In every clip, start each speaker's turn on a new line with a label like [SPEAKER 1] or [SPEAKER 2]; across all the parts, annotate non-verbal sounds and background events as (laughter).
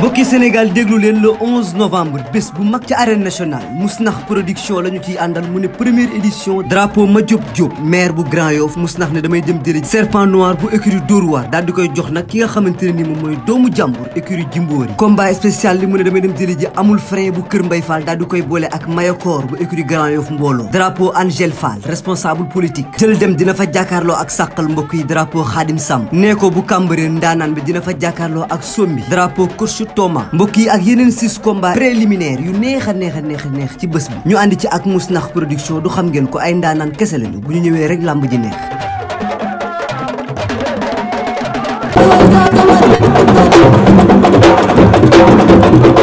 [SPEAKER 1] mbokki Sénégal déglu leen le 11 novembre bés bu mag ci arène nationale Mousnakh production la ñu ciy àndal mu ne première édition drapeau Madiop Diop maire bu Grand Yoff Mousnakh ne damay dem jëli serpent noir bu écurie Dóor koy jox nag ki nga xamante ne ni moom mooy doomu jàmbur écurie Jimbori combat spécial li mu ne damay dem jëli ji amul frein bu kër Mbay Fall daal di koy ak Mayakor bu écurie Grand Yoff mbooloo drapeau Angel Fall responsable politique jël dem dina fa jàkkaarloo ak sàqal mbokk yi drapeau Khadim Sam nee ko bu Cambérène ndaanaan bi dina fa jàkkaarloo ak sombi drapeau Thomas mbokk yi ak yeneen six combats préliminaires yu neex a neex a neex ci bés bi ñu ànd ci ak Mousnakh production du xam ngeen ko ay ndaanaan kese lañu bu ñu ñëwee rek làmb ji neex Thank you.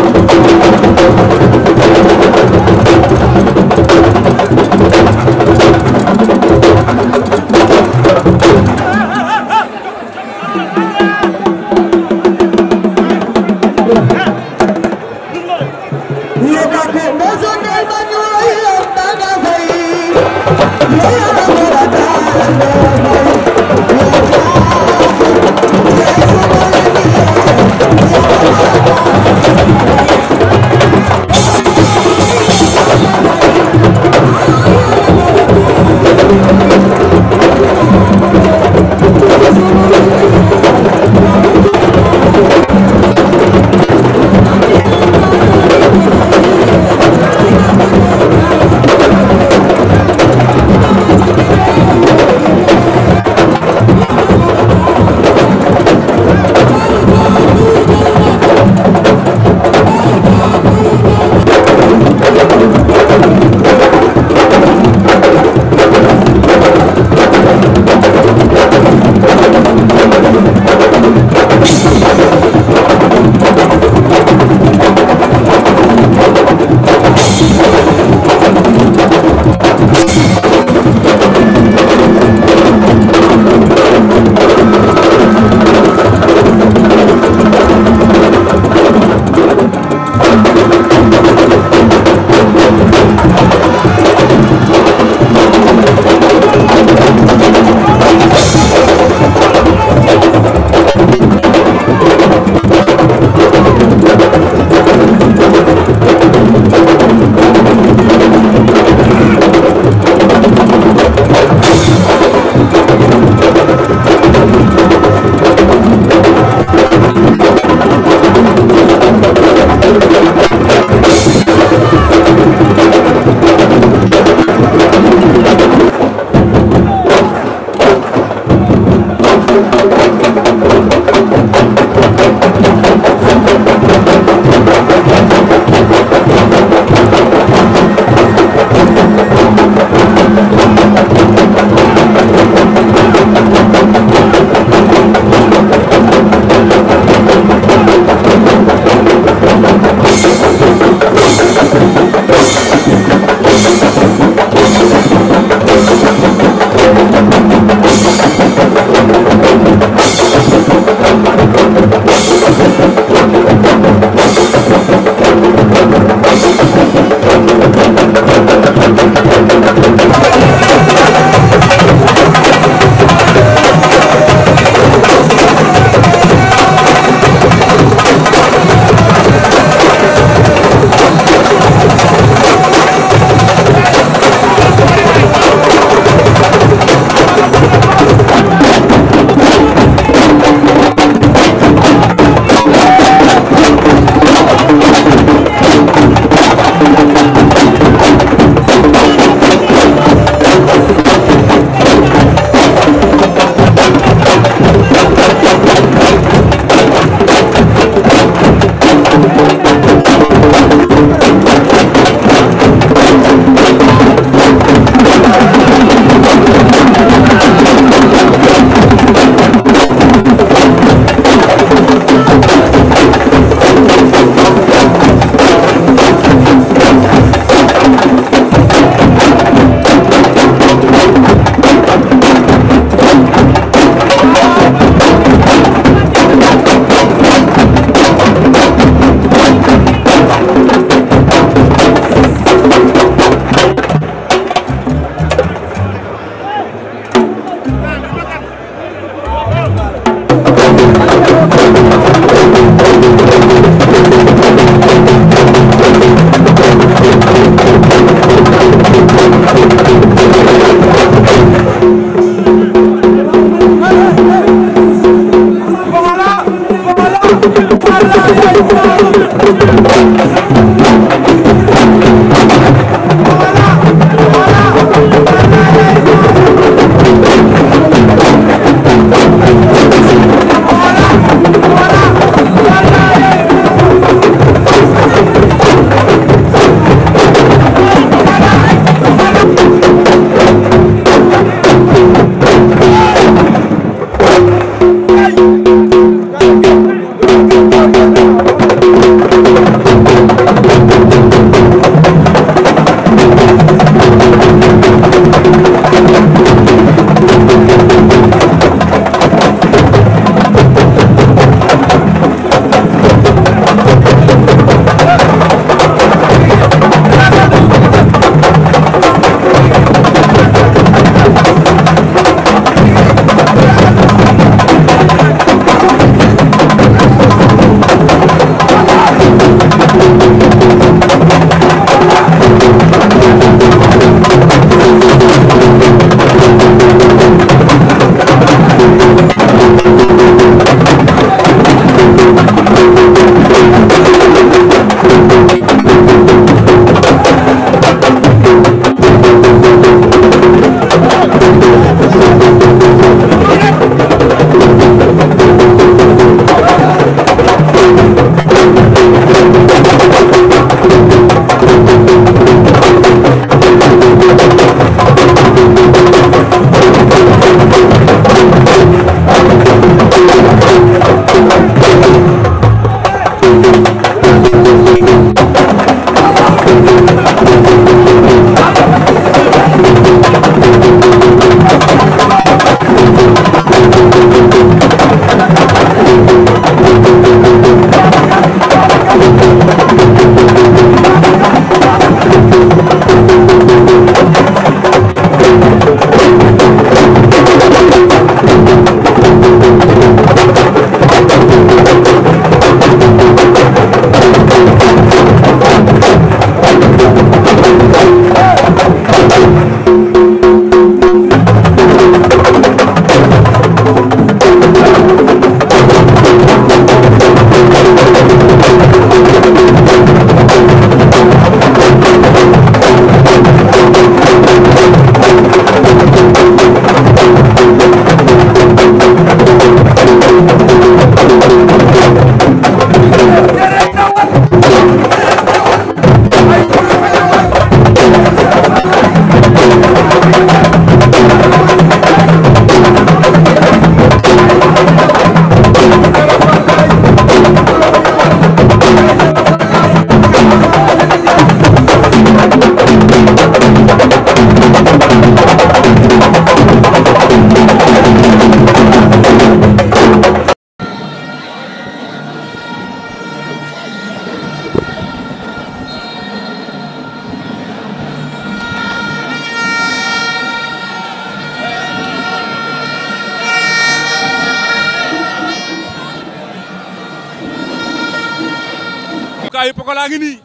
[SPEAKER 2] Pokola ngi nii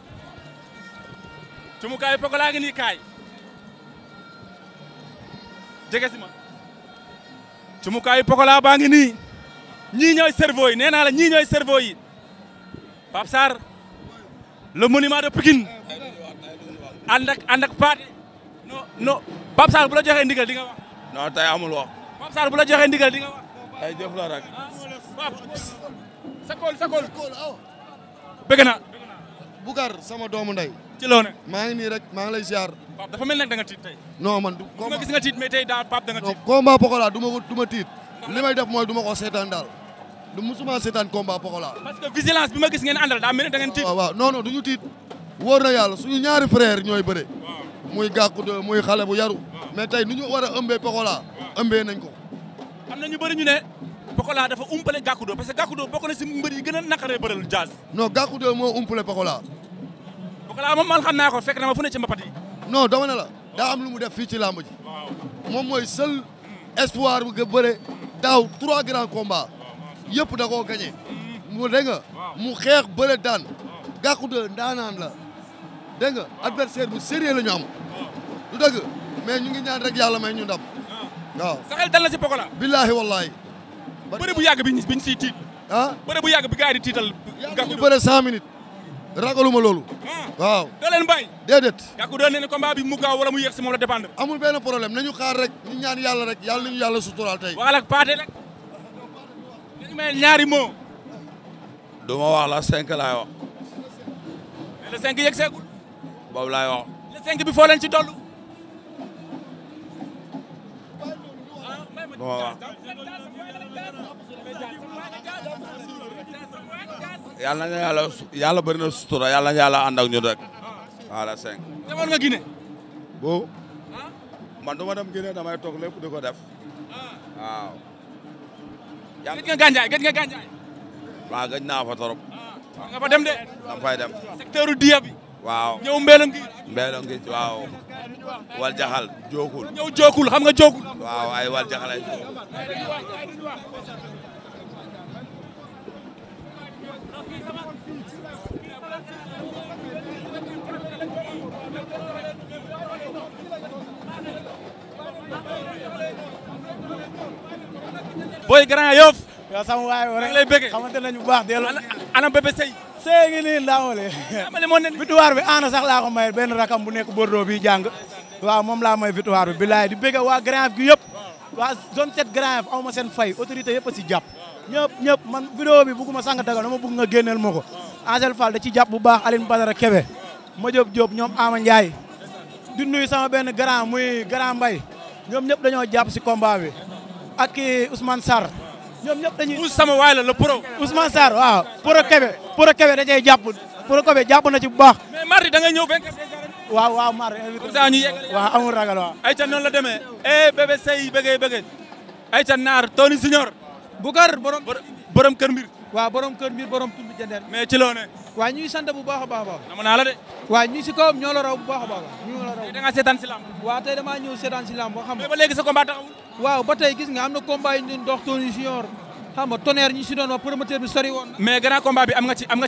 [SPEAKER 2] cumukaayu Pokola ngi kaay jege si ma baa ngi nii ñii ñooy cerveau yi nee naa la ñii ñooy cerveau yi Pape Sarr le monument de Pikine ànd ak ànd ak bu la joxee ndigal di nga wax. non tey amul wax. Pape bu la joxee ndigal di nga
[SPEAKER 3] wax.
[SPEAKER 4] ay Boucar sama doomu ndey. ci loo ne maa ngi nii rek maa ngi lay ziar. Pape dafa mel da nga tiit tey. non man du. combat gis nga tiit mais tey daal Pape da nga tiit. ma tiit. li may mooy du ma ko seetaan daal. du musuma seetaan combat Pokola. parce que du ñu tiit. wóor na yàlla suñu ñaari frère ñooy bëre. muy gàkku de muy xale bu yaru. mais tey nu ñu war a ëmbee Pokola. ëmbee nañ ko. am na ñu bëri ñu ne Pokola dafa umpale Gackou 2 parce que na si mbër yi gën a naqaree bëral Diaz. non Gackou 2 moo umpale Pokola. Pokola moom man xam naa ko fekk na ma fu ne ci mbapat yi. non dama ne la daa am lu mu def fii ci làmb moom mooy seul espoir bu nga bëre daaw trois grands combats yëpp da koo mu dégg mu xeex bëre daan Gackou 2 ndaanaan la dégg nga adversaire bu sérieux la ñu am. du dëgg mais ñu ngi ñaan rek yàlla may ñu ndam waaw. sa dal na si Pokola. billaahi bëre bu yàgg bi ñu bi ñu siy tiit. ah bëre bu yàgg bi gars yi di tiital. gàkku ñu bëre 100 minutes. loolu. Ah. waaw doo leen bàyyi. déedéet. gàkku doon ne combat bi mu gaaw wala mu yéex si moom la dépendre. amul benn problème nañu xaar rek ñu ñaan yàlla rek yàlla nañu yàlla suturaal tey. waxal ak Pathé rek. ñaari mots.
[SPEAKER 3] du ma wax la 5 laay wax.
[SPEAKER 4] mais le 5 yegg
[SPEAKER 3] laay
[SPEAKER 2] wax. bi foo leen ci toll.
[SPEAKER 3] waaw yàlla na yàlla yàlla na sutura yàlla na yàlla ànd ak ñun rek voilà cinq. demoon nga Guinée. bo man du ma dem Guinée damay toog lépp di ko def waaw. yàlla gëj nga gàncax gëj dem de. dama fay dem. secteur du diya bi. waaw ñëw mbéyam gi. wal jaxal jookul. ñëw xam nga jookul. waaw ay wal ay jookul.
[SPEAKER 2] Boy Grand Yoff yow sama waay wala lay bëgg nañu bu baax delloo ana bébé sëy sëy ngi nii ndaamale victoire bi
[SPEAKER 4] ana sax laa ko may benn rakam bu nekk Bordeaux bi jàng waa moom laa may victoire bi bilaay di bégga waa Grand Yoff gi yëpp waa zone 7 Grand aw ma seen fay autorité yëpp si jàpp ñëpp ñëpp man
[SPEAKER 2] vidéo bi bugguma sànq dagal dama bugg nga génneel ma ko Angel Fall da ci jàpp bu baax Aline Badara Kebe ma Diop Diop ñoom Ama Ndiaye di nuyu sama benn grand muy grand Mbaye ñoom ñëpp dañoo jàpp si combat ak Ousmane Sarr ñoom ñëpp dañuy Ous sama waay la le pro. Ousmane Sarr waaw pro Kébé pro Kébé da cee jàpp pro Kébé jàpp na ci bu baax. mais mardi da nga ñëw fekk. waaw waaw mardi. comme ça ñu yeggali waaw amul ragal waaw. ayca la demee eh bébé sey bëggee bëggee ayca naar Tony Signor. Bougar borom borom kër mbir. waaw borom kër mbir borom tund jëndër. mais ci loo ne. waaw ñuy bu baax a baax a baax. nama naa la de. waaw ñu si kawam ñoo la raw bu ba ba baax. ñu la raw tey da ba xam. mais ba léegi sa combat taxawul. waaw ba tey gis nga am na combat yu ñu dox Tony Junior xam nga tonnerre ñu si doon wax promoteur bi sori woon. mais grand combat bi am nga ci am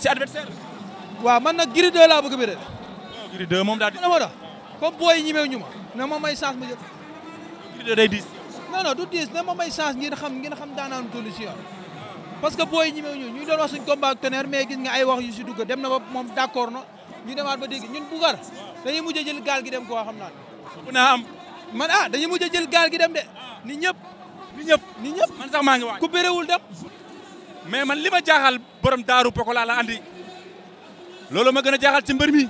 [SPEAKER 2] waaw man nag Gris 2 laa bëgg a bëre. non moom daal di. dama yi ñemewuñu ma. na ma may chance ma jël. Gris 2 day diis. non du diis na ma may chance ngeen xam ngeen xam daanaanu Tony Junior parce que booy yi ñemewuñu ñu doon wax suñ combat ak mais gis nga ay wax yu si dugg dem na ba moom d' accord na ñu demaat ba dégg ñun bu gar mujj jël gaal gi dem koo xam naa. man ah dañu mujj a gaal gi dem de ni ñëpp ni ñëpp ni man maa ngi waaj ku béréwul dem mais man li ma jaaxal borom daaru pokola la andi loolu ma gën a jaaxal ci mbër mi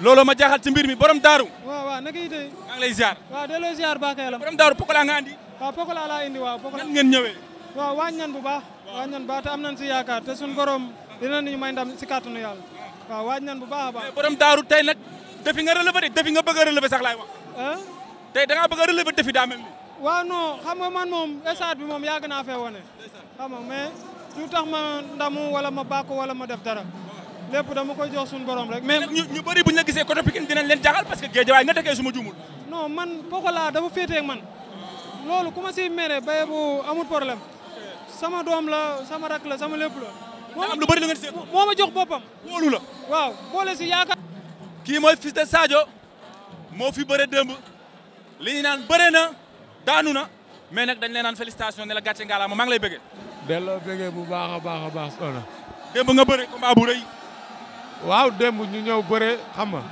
[SPEAKER 2] loolu ma jaaxal ci mbir mi borom daaru
[SPEAKER 5] waa waaw naka yitee maa ngi lay ziar waaw delloo la borom daaru pokola nga andi waaw pokola laa indi waaw pokola nan ngeen ñëwee waaw bu baax waaññan bu te am nañ si yaakaar te suñu borom dinañu may ndam si kàttanu yàlla waaw waaññan bu baa a baax
[SPEAKER 2] daaru tey nag defi nga relevé de defi nga bëgg a relevé sax laay wax. tey da ngaa bëgg a relevé defi daa mel ni.
[SPEAKER 5] waaw non xam man moom stade bi moom yàgg naa fee wane. xam nga mais lu tax ma ndamu wala ma bàkku wala ma def dara. lépp dama koy jox
[SPEAKER 2] suñu borom rek. mais ñu ñu bëri bu ñu la gisee côté Pikine dinañ leen jaaxal parce que géejawaay nga dëkkee su ma juumul.
[SPEAKER 5] non man Pokola dafa féetee ak man. loolu ku ma siy mere baye bu amul problème. sama doom la sama rak la sama lépp la. moo lu bëri la nga moo jox boppam.
[SPEAKER 2] la kii mooy fils moo fi bëre démb li ñu naan bëre na daanu na mais nag dañ leen naan félicitation ne la gàcce ngalaama maa ngi lay bëggee.
[SPEAKER 6] delloo bëggee bu baaxa a baax a baax soxna.
[SPEAKER 2] démb nga bëre combat bu rëy.
[SPEAKER 6] waaw
[SPEAKER 5] démb ñu ñëw bëre xam nga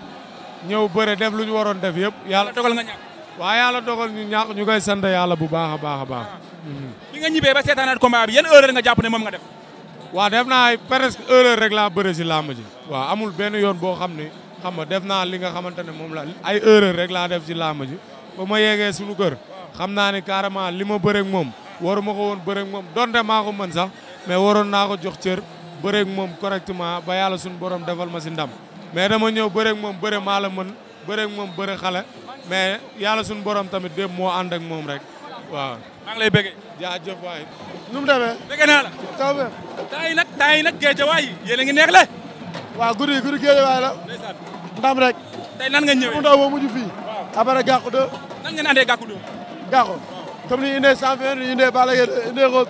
[SPEAKER 5] ñëw bëre def lu ñu waroon def yëpp. yàlla dogal nga ñàkk. waaw yàlla dogal ñu ñàkk ñu koy sant yàlla bu baax a baax baax. Ah.
[SPEAKER 2] bi nga ñibbee ba seetaanaat combat bi yan erreur nga jàpp ne moom nga def.
[SPEAKER 5] waaw def naa ay presque erreur rek laa bëre si làmb waa amul benn yoon boo xam ne xam nga def naa li nga xamante ne moom la ay erreur rek laa def ci làmb ji ba ma yeggee suñu kër xam naa ne carrément li ma bëreeg moom waruma ko woon bëreeg moom donte maa ko mën sax mais waroon naa ko jox cër bëreeg moom correctement ba yàlla suñu borom defal ma si ndam mais dama ñëw bëreeg moom bëre maa la mën bëreeg moom bëre xale mais yàlla suñu borom tamit démb moo ànd ak moom rek waaw. maa ngi lay bëggee. jaajëf waay. nu mu
[SPEAKER 7] demee.
[SPEAKER 2] naa la. taw bi. temps yii nag temps waay yéen a ngi neex
[SPEAKER 4] waaw guddi guddi Guédiawaye la. ndam rek. tey nan nga ñëwee mu ndaw moo mujj fii. après gàqu de.
[SPEAKER 2] nan ngeen andee gàqu de. gàqu comme ko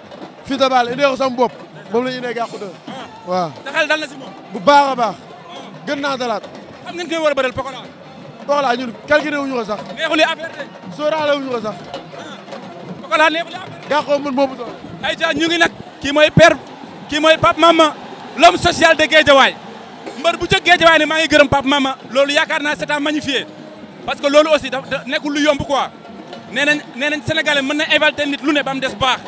[SPEAKER 2] fii de Balla indee ko sama bopp moom la ñu indee gàqu de ah. waaw. sa xel dal na si bu baax a baax. Ah. gën naa dalaat. xam ngeen koy war a bëreel Pokola. Pokola neexul affaire de. sóoraale wuñu ko sax. Ah. Pokola neexul affaire de. kii mooy père kii mooy Pape Mama l'homme social de Guédiawaye mbër bu ca géejawaay ne maa ngi gërëm Pape Mama loolu yaakaar naa c'est à magnifier parce que loolu aussi dafa nekkul lu yomb quoi nee nañ mën na évaluer nit lu ne ba mu des baax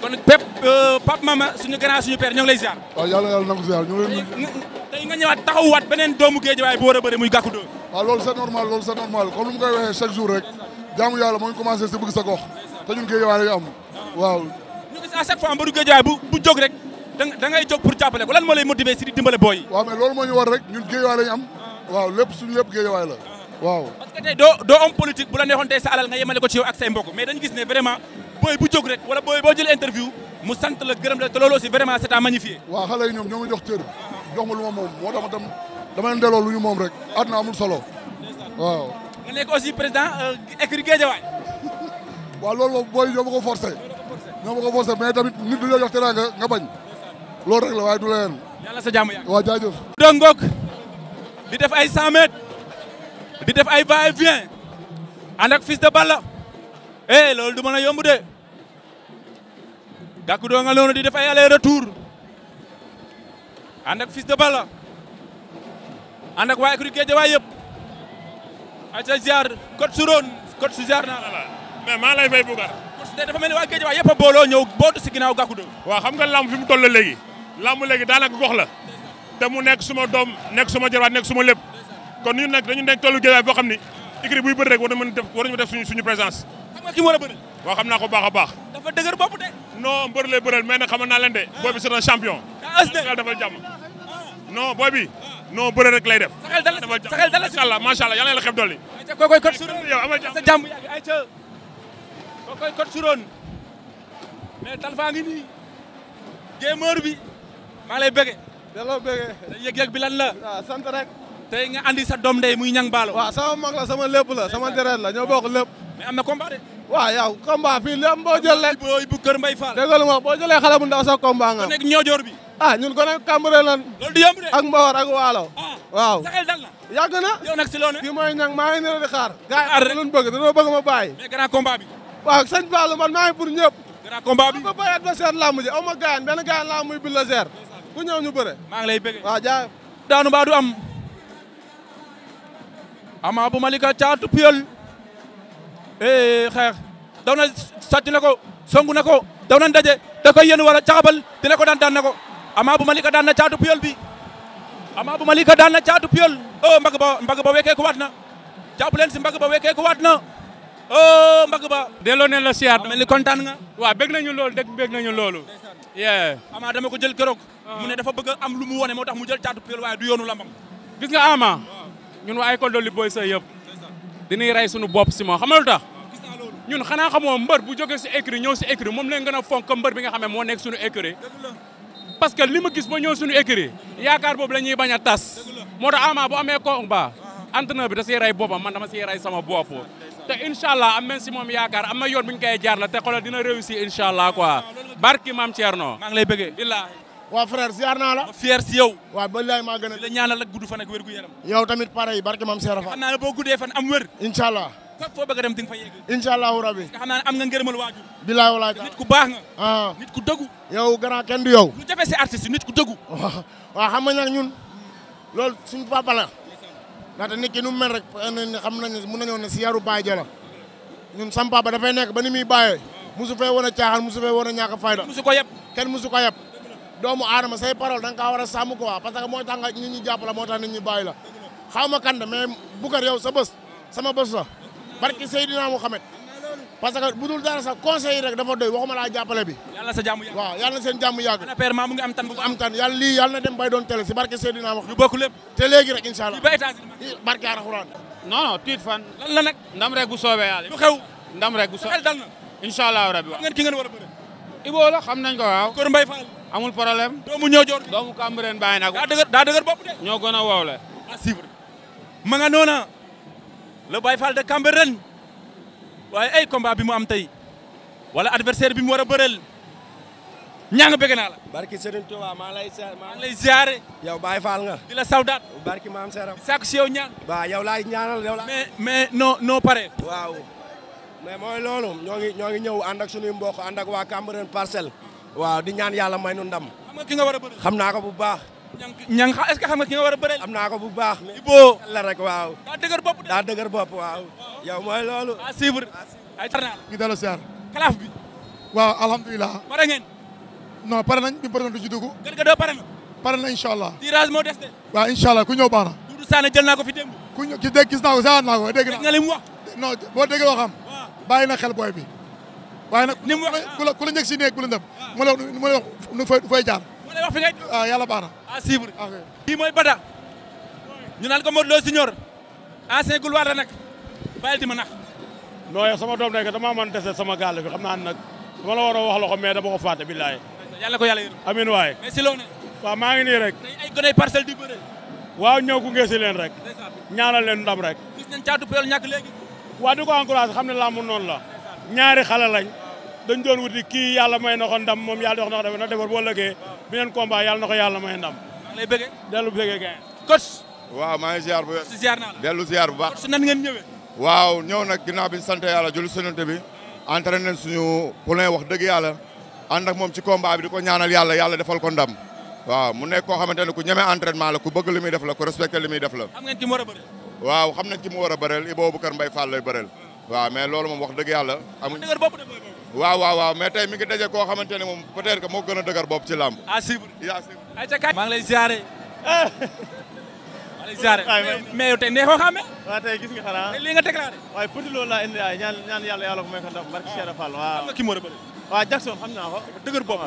[SPEAKER 2] kon Pep euh, Pape Mama suñu grand suñu père ñoo ngi lay ziar.
[SPEAKER 7] waaw yàlla yàlla na ko ziar ñu ngi leen
[SPEAKER 2] tey nga ñëwaat taxawuwaat beneen doomu géejawaay bu war a bëri muy gàkku dóor.
[SPEAKER 7] waaw loolu c'est normal loolu c'est normal comme ni mu koy waxee chaque jour rek jaamu yàlla moo ngi si bëgg sa gox te ñun géejawaay
[SPEAKER 2] la da ngay jóg pour jàppale ko lan moo lay motiver si di dimbale booy yi. waaw mais loolu moo ñu war rek
[SPEAKER 7] ñun géejawaay la ñu am. waaw lépp suñu lépp géejawaay la waaw.
[SPEAKER 2] doo doo homme bu la neexoon tey sa alal nga yemale ko yow ak say mbokk mais dañu gis ne vraiment booy bu jóg rek wala booy boo jël interview mu sant la gërëm la te aussi vraiment c'est à magnifier.
[SPEAKER 7] waaw xale yi ñoom ñoo ma jox cër jox ma lu moom moo tax dama leen delloo lu ñu (laughs) loolu rek la waaye du la leen. yàlla sa jàmm yàgg waaw jaajëf.
[SPEAKER 2] di def ay 100 di def ay va et vient ànd ak Fils de Balla eh loolu du mën a yomb de gàkku doo di def ay aller retour ànd ak Fils de Balla ànd ak waa écurie Guédiawaye yëpp ay sa ziar code su roon code su ziar naa la. mais maa lay fay bugar. dafa mel ni waa Guédiawaye yëpp a booloo ñëw bootu si ginnaaw gàkku doo.
[SPEAKER 7] waaw xam nga lamb fi mu toll léegi. làmb léegi daanaka gox la te mu nekk suma doom nekk suma jarwaat nekk suma lépp kon ñu nekk dañu nekk tollu géewaay boo xam ni écrit buy bëri rek war na mën def war nañu
[SPEAKER 2] def suñu suñu présence xam nga a naa ko baax a baax dafa dëgër bopp de non mbër lay bëreel mais nag naa leen de ah. booy bi c'est un champion daal dafal jàmm ah. non booy bi non bëre rek lay def saxel dal macha allah macha allah yàlla la xeb dolli kokoy kot suroon yow amal jàmm sa jàmm yàgg mais talfa ngi nii gémeur bi maa lay bëggee. delloo bëggee. yëg-yëg lan la. waaw sant rek. tey nga andi sa doom ndey muy ñang baalo. waaw sama mag la sama lépp la sama deret la ñoo bokk lépp. mais am na combat de. waaw yow combat boo jëlee. booy bu kër Mbaye Fall. dégg nga boo jëlee xale bu ndaw sa combat nga. ku nekk ñoojoor bi. ah ñun ko nekk Cambérène lan. loolu ak Mbawar ak Waalo. Ah, waaw sa xel dal na. yàgg na si loo ne. kii mooy ñang maa ngi nii di xaar. gaay yi lu ñu bëgg dañoo bëgg ma bàyyi. mais grand combat bi. waaw sëñ Fallou man maa ngi pour ñëpp. grand combat bi ma bàyyi adversaire làmb ji aw ma gaañ ku ñëw ñu bëre. maa ngi lay bëgg waaw jaay. daanu baa am. Ama bu Malika caatu Puyol. eh xeex daw na ko songu na ko daw na ndaje da koy yéen wala caxabal dina ko daan daan na ko. Ama bu Malika daan na caatu bi. Ama bu Malika daan na caatu Puyol. oh mbagg ba mbagg ba wekkee ko waat na. jàpp leen si mbagg ba wekkee ko waat na. oh ba. delloo neen la siyaat mel ni kontaan waa waaw bëgg nañu loolu dëgg bëgg nañu loolu. yee Ama dama ko jël keroog. Ah. mu ne dafa bëgg am lu mu wone moo tax mu jël caatu peel waaye du yoonu la ma gis nga Ama ñun waa école de li boy sa yëpp dañuy rey sunu bopp si moo xam lu tax ñun xanaa xamoo mbër bu joge si écurie ñëw si écurie moom lañ gën a fonk mbër bi nga xam ne moo nekk suñu écurie parce que li ma gis boo ñëw suñu écurie yaakaar boobu la ñuy bañ a tas moo tax Ama bu amee combat ah. entraîneur bi da siy rey boppam man dama siy rey sama bopp te incha allah am nañ si moom yaakaar am na yoon bu ñu jaar la te xoolal dina réussir incha allah barki maam Thierno. maa ngi lay bëggee billaahi. waa frère naa la. fier si yow. waaw billaahi maa gën a. di la ñaanal ak gudd fan ak tamit pareil barki maam Serap. xam boo guddee fan am wér. incha allah. fépp foo bëgg a dem di nga fa ah. nit ku dëggu.
[SPEAKER 4] yow grand kenn du nit ku dëggu. (laughs) waaw xam nga ñun loolu suñu papa la ndaxte nit ki nu mu mel rek xam nañ ne mun nañoo ne si yaru baay ja la ñun sam papa nekk ba ni muy musu fee woon a caaxaan musu fee woon a ñàkk fayda musu ko yeb
[SPEAKER 7] kenn musu ko yeb doomu aadama say parole da nga kaa war ko waa parce que mooy tax nga moo tax nit ñi la xaw ma kan mais Boucar yow sa bës sama bës la barki Seydina
[SPEAKER 4] Mouhamed parce que bu dul dara sax conseil rek dafa doy waxuma laa jàppale bi. yàlla na seen
[SPEAKER 2] jàmm yàgg. ana père ngi am bu am tan lii yàlla na dem bay doon télé si barke Seydina wax. ñu bokk te léegi rek incha ba États-Unis barke Alxuraan. non tiit fan. lan la ndam rek bu soobee yàlla. lu xew a bëre. nañ ko waaw. Kër Mbaye Fall. amul problème. doomu ñoo doomu Cambérène bàyyi na daa dëgër daa ñoo gën a wow la. noona le Baye Fall de Cambérène waaye ay combat bi mu am tey wala adversaire bi mu war a bëreel ñaa nga bëgg naa la. barki Serigne Touba
[SPEAKER 3] maa lay ziar maa lay ziare.
[SPEAKER 2] nga. di la sawdaat. barki maam Seram. sàkk si yow ñaan. waaw yow laay ñaanal yow la. mais mais non non pare. waaw mais mooy loolu ñoo ngi ñoo ngi ñëw ànd ak suñuy mbokk ànd ak waa Cambérène parcelle. waaw di ñaan yàlla may nu ndam. xam nga ki nga war a bëri. xam naa ko bu baax. ñang est-ce que xam nga ki nga war a bëreel. am naa ko bu baax. Ibou la rek waaw. daa dëgër bopp daa dëgër bopp waaw. yow mooy loolu. à
[SPEAKER 4] suivre ay tarnaal. ñu delloo siyaar. kalaaf bi. waaw alhamdulilah. pare ngeen. non pare nañ bi pare nañ du ci dugg. gërëm doo pare na. pare na incha allah. tirage moo des de. waaw incha allah ku ñëw baax na. Doudou Sané jël naa ko fi démb. ku ñëw dégg gis naa ko seetaan naa ko dégg naa. nga li mu wax. non boo déggee waxam. waaw bàyyi na xel booy bi. waaye nag. ni mu wax ku la ku la njëkk si néeg bu la ndëm. waaw mu la wax nu fay jaar mu lay wax fi ngay. ah yàlla baax na. ah Sibir. ok kii mooy Bada.
[SPEAKER 2] ñu naan ko Modou Lo Senior. ancien gloire la nag. bàyyil di ma nax.
[SPEAKER 7] non yow doom nekk damaa mën dese sama gàll bi xam naa nag dama la war a wax loxo mais dama ko fàtte billaay.
[SPEAKER 2] yàlla ko yàlla yërëm. amiin waay. mais si loo ne. waaw maa ngi nii rek. tey ay gone parcelle du bëre. waaw ñëw gunge si leen rek. ñaanal leen ndam rek. gis nañ caatu peel waa di ko xam
[SPEAKER 7] ne làmb noonu la. ñaari xale lañ. dañ doon wuti kii yàlla may na ko ndam moom yàlla beneen combat yal na ko yàlla may ndam. maa ngi lay bëggee. dellu bëggee waaw maa ngi ziar bu baax ziar naa dellu ziar bu baax. coach nan ngeen ñëwee. waaw ñëw nag ginnaaw bi ñu sant yàlla julli sonante bi. entraîné nañ suñu poulain wax dëgg yàlla ànd ak moom ci combat bi di ko ñaanal yàlla yàlla defal ko ndam. waaw mu nekk koo xamante ne ku ñeme entraînement la ku bëgg li muy def la ku respecté li muy def la. xam
[SPEAKER 2] ngeen ki mu war a bëreel.
[SPEAKER 7] waaw xam nañ ki mu war a bëreel Ibou Boucar Mbaye Fall lay bëreel. waaw mais lool moom wax dëgg yàlla amuñ waaw waaw waaw mais tey mi ngi daje koo xamante ne moom peut-être que moo gën a dëgër bopp ci làmb.
[SPEAKER 2] à suivre yaa suivre. maa ngi lay ziare. maa ngi
[SPEAKER 7] lay xame.
[SPEAKER 2] waaw tey gis nga xanaa. lii nga déclaré. waaye petit loolu laa indi ay
[SPEAKER 5] ñaan ñaan yàlla yàlla ko may ko ndax barke Cheikh Fall xam nga ki naa ko. dëgër bopp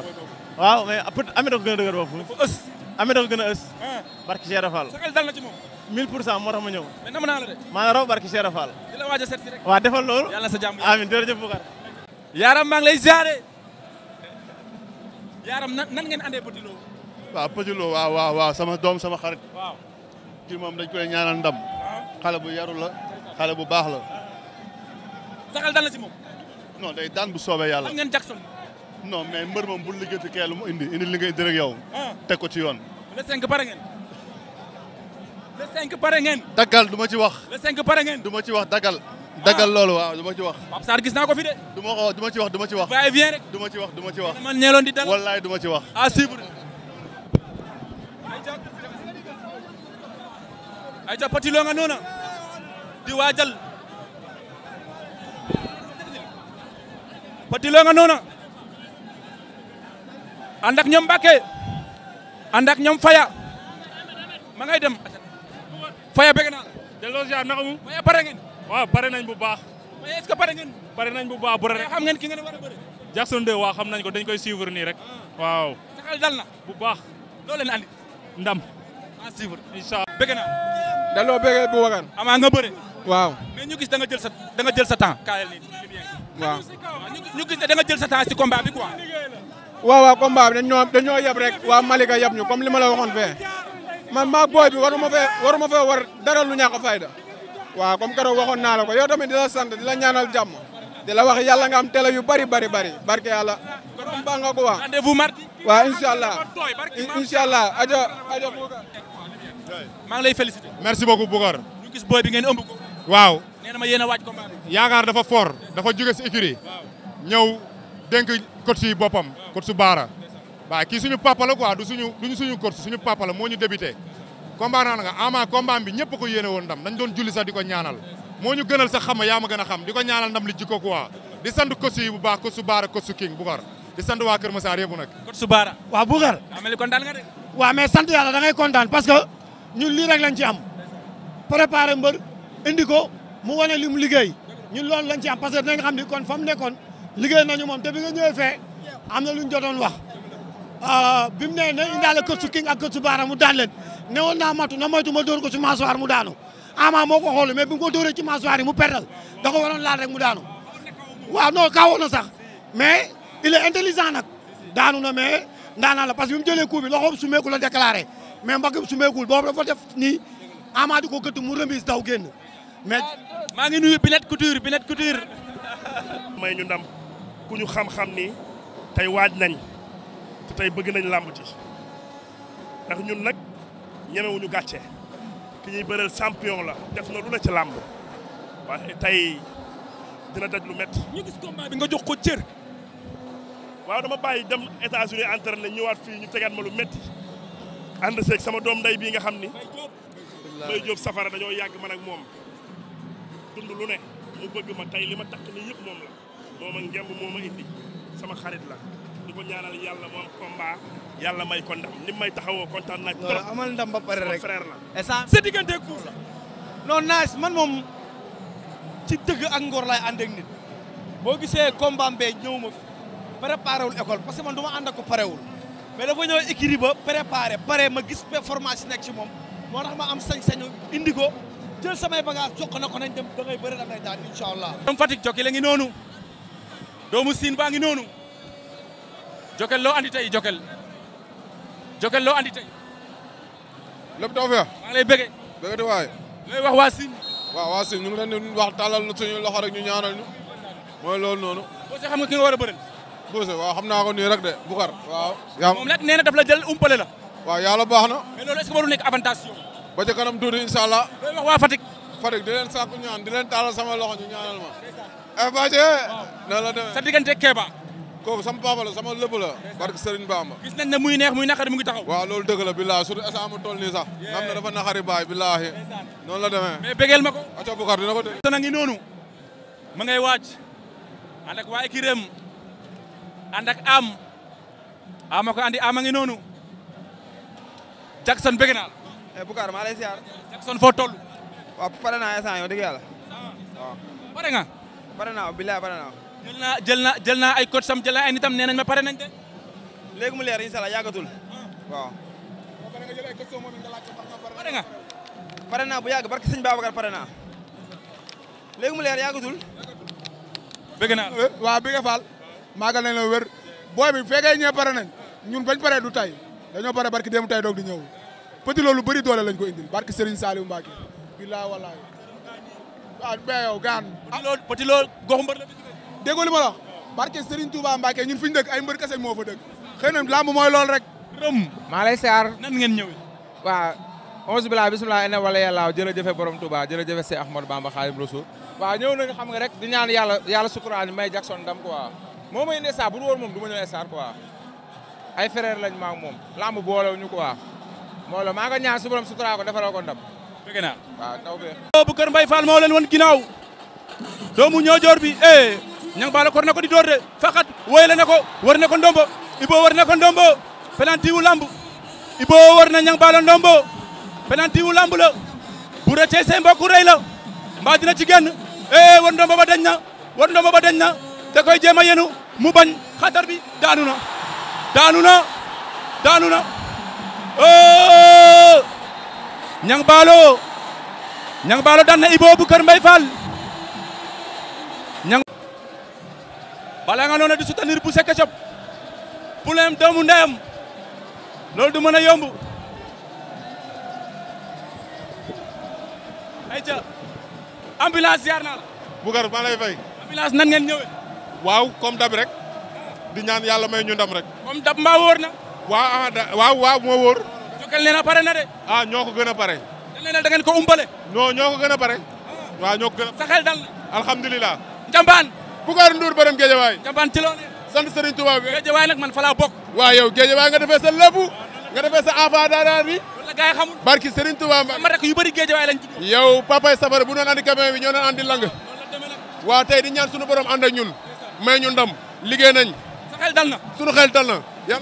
[SPEAKER 5] waaw mais amee da ko gën a dëgër bopp. ës. amee da ko gën a ës. Ah. barke Cheikh Fall. sa xel dal pour cent moo tax ma ñëw. mais nam naa la de. maa ngi raw barke Cheikh Fall. di a seet defal loolu.
[SPEAKER 2] yàlla sa jàmm amiin yaaram maa ngi lay ziare. yaaram nan nan ngeen andee Petit Lo.
[SPEAKER 7] waaw Petit Lo waaw sama doom sama xarit.
[SPEAKER 2] waaw
[SPEAKER 4] kii moom dañ koy ñaanal ndam. Ah. xale bu yaru la xale bu baax la. saxal daan la si moom. non day daan bu soobee yàlla. xam ngeen Jackson. non mais mbër moom bu liggéeyati kee lu mu indi indi liggéey ngay indi rek yow. Ah. teg ci yoon. le 5 pare ngeen.
[SPEAKER 2] le 5 pare daggal du ci wax. le 5 pare ngeen. du ma ci wax daggal. dagal loolu waa du ma ci wax. Pape gis naa ko fi de. du ma ci wax du ma ci wax. waaye bien rek
[SPEAKER 4] du ci wax du ma ci wax.
[SPEAKER 2] man ñeeloon di dal wallaay du ma wax. à suivre. ay ja pati loo nga noona di waajal. pati loo nga noona. ànd ak ñoom Mbacke. ànd ak ñoom Faya. ma ngay dem. Faya bëgg naa la. delloo ziar naka waaw pare nañ bu baax. mais ce que pare ngeen. pare nañ bu baax bëre rek ngeen ki ngeen war a bëre. Jackson 2 waaw xam nañ ko dañ koy suivre nii rek. Ah. waaw. sa xel bu baax. loo leen andi. ndam. à suivre incha allah. bëgg daloo bëggee bu wagan. nga bëre. waaw mais ñu gis da nga jël sa da jël sa temps. kaayal nii
[SPEAKER 7] waaw. ñu nga jël sa temps si combat bi quoi. waaw waaw combat bi dañoo dañoo yab rek waa Malika yab ñu comme li ma la waxoon fee man maa booy bi waruma fee waruma fee war dara lu ñàkk fayda waaw comme keroog waxoon naa la ko yow tamit di la sant di la ñaanal jàmm di la wax yàlla nga am télé yu bari bari bari barke yàlla borom baa nga ko waa waaw incha allah incha allah ajo ajo Boucar maa ngi
[SPEAKER 4] merci beaucoup Boucar ñu gis booy bi ngeen ëmb ko waaw nee
[SPEAKER 2] ma yéen a waaj combat
[SPEAKER 4] yaakaar dafa foor dafa jóge si écurie ñëw dénk coach yi boppam coach su baara waaw kii suñu papa la quoi du suñu duñu suñu coach suñu papa la moo ñu débuté combat naan nga ama combat bi ñëpp ko yéene woon ndam dañ doon julli sax di ko ñaanal moo ñu gënal sax xam yaa ma gën a xam di ko ñaanal ndam li jikko quoi di sant kosu yi bu baax kosu baara kosu king Boucar di sant waa Kër Massar yëpp nag kosu baara waaw Boucar mel ni kontaan nga de waaw mais sant yàlla parce que ñu lii rek lañ ci am préparé mbër indi ko mu wane li mu liggéey ñun loolu lañ ci am parce que dinañ xam ni kon fa mu nekkoon liggéey nañu moom te bi nga ñëwee fee am na lu ñu jotoon wax Ah, bi mu ne na indaale kër su king ak kër su baara ne woon naa matu na moytu ma dóor ko ci mâchoire mu daanu ama moo ko xool mais bi mu ko dóoree ci mâchoire yi mu perdal da ko waroon laal rek mu daanu waaw non kaa woon sax mais il est intelligent nag daanu na mais ndaanaa la parce que bi mu jëlee coup bi loxoom sumeeku la déclaré mais mbagg sumeekul boobu dafa def nii ama di ko gëtt mu remise daw génn mais maa ngi nuyu Binette Couture Binette Couture may ñu ndam ku ñu xam-xam ni tey waaj
[SPEAKER 7] te tey bëgg nañ làmb ji ñun nag ñemewuñu gàcce ki ñuy bëreel champion la def na lu ne ci làmb waaye tey
[SPEAKER 4] dina daj lu metti ñu gis combat bi nga jox ko cër. waaw dama bàyyi dem États-Unis
[SPEAKER 7] entraîné ñëwaat fii ñu tegaat ma lu metti ànd seeg sama doom nday bii nga xam ni. may jóob safara dañoo yàgg ma ak moom dund lu ne mu bëgg ma tey li ma takk nii yëpp moom la moom ak ngemb moo ma indi sama xarit la. di ko ñaanal yàlla moom
[SPEAKER 4] combat yàlla may ko ndam ni may taxawoo kontaan naa trop amal
[SPEAKER 5] ndam ba pare rek
[SPEAKER 4] frère la diggante ku la non nice man moom ci dëgg ak ngor laay ànd ak gisee combat mbee ñëw ma fi préparé wul école parce que man du ma ànd ak ko parewul mais dafa ñëw écrit ba pare ma gis performance yi moom moo tax ma am sañ-sañu indi ko jël samay bagage jox na ko nañ dem da ngay bëri da allah. ñoom Fatick
[SPEAKER 2] Jokal a ngi noonu doomu Sine baa ngi Jokal loo andi tey
[SPEAKER 7] Jokal Jokal loo andi tey. lépp tawfeex. Ah. maa looy wax waa Sine. waaw waa Sine ñu ngi leen di wax tàllal suñu loxo rek ñu ñaanal ñu. mooy loolu noonu. Bousse xam nga ki nga war a bëri. xam naa ko nii rek de Boucar waaw.
[SPEAKER 2] yaa la jël umpale la. baax na. mais loolu est-ce que waru nekk avantage si yow. kanam
[SPEAKER 7] tuuti incha allah. wax waa Fatick. Fatick di leen ñaan di leen sama loxo ñu ñaanal ma. eh Bathie. waaw noonu la demee sa diggante Kéba. kooku sama papa la sama lépp la barke Serigne Bamba gis nañ ne muy neex muy naqari mu ngi taxaw waaw loolu dëgg billaahi surtout esa ama toll nii sax nga xam ne dafa naqari baay
[SPEAKER 2] billaahi noonu la demee mais ma ko aco dina ko dégg tana ngi noonu ma ngay waaj ànd ak waa écurie-am ak am ama ko andi ama ngi noonu Jackson bëgg naa la
[SPEAKER 5] eh, Boucar maa siyaar
[SPEAKER 2] Jackson foo toll waaw pare naa instant yow dëgg yàlla waaw pare pare naa jël na jël naa jël naa ay coach sam jël naa ay nitam nee nañ ma pare nañ de. léegi mu leer incha allah yàggatul ah. waaw.
[SPEAKER 5] pare nga. pare naa bu yàgg barke sëñ Babacar pare naa. léegi mu leer yàggatul.
[SPEAKER 7] bëgg naa eh, waaw bi nga faal. maagal nañ la wér. booy bi fekkee ñee pare nañ ñun bañ paree du tay dañoo pare barki dem tay doog di ñëw petit loolu bëri doole lañ ko indil barki Serigne Saliou Mbacke. billaahi wallaahi. waaw ah, mais yow gaan. petit loolu petit loolu goxu mbër la. déggoo li ma la wax barke Serigne Touba Mbacke ñun fi ñu dëkk ay mbër kese moo fa dëkk xëy na lamb mooy loolu rek rëm maa lay siyaar nan ngeen ñëw waaw onze bila bisimilah
[SPEAKER 2] ene wala yàllaaw jërëjëfe borom Touba jërëjëfe Seex Ahmadou Bamba Xaadimu Rasuul waaw ñëw nañu xam nga rek di ñaan yàlla yàlla may Jackson dam quoi moo may indi star bu moom du ma ñëw star quoi ay frère lañ maa moom lamb boolew ñu quoi moo maa nga ñaan su borom sukuraa ko defaroo ko ndam dëgg naa waaw taw bi ñang bala kor na ko di door de faxat woyale na ko war na ko ndombo Ibo war na ko ndombo penalty wu lamb Ibo war na ñang bala ndombo penalty wu lamb la bu rëccee seen mbokku la mbaa dina ci génn eh war ndombo ba dañ na ndombo ba dañ na da a yenu mu bañ xatar bi daanu na daanu na daanu na oh ñang baalo ñang baalo daan na bu Kër Mbaye Fall ñang bala nga noona di soutenir Boucher Ketchup pouleem doomu ndeyam loolu du mën a yomb ayca ambulance ziar naa la Bougar maa lay fay
[SPEAKER 7] ambulance nan ngeen waaw comme dab di ñaan yàlla may ñu ndam rek comme dab mbaa wóor na waaw ah, waaw moo wóor jokkal nee pare na de ah ñoo ko gën a pare
[SPEAKER 2] dañ leen da ngeen ko umpale non ñoo ko a pare ah. waaw ñoo ko gën a dal na alhamdulilah
[SPEAKER 7] Boucar Ndour borom Géejawaay. jàppaan ci loolu. sant Serigne Touba bi. Géejawaay nag man fa laa bokk. waaw yow Géejawaay nga defee sa lépp nga defee sa enfant bi. la gars yi barki Serigne Touba Mbacke. ma rek yu bëri Géejawaay lañ ci. yow papay safara bi ñoo andi lang. waa tey di ñaan suñu borom ànd ñun may ñu ndam liggéey nañ. sa xel dal na. suñu xel dal na. yaa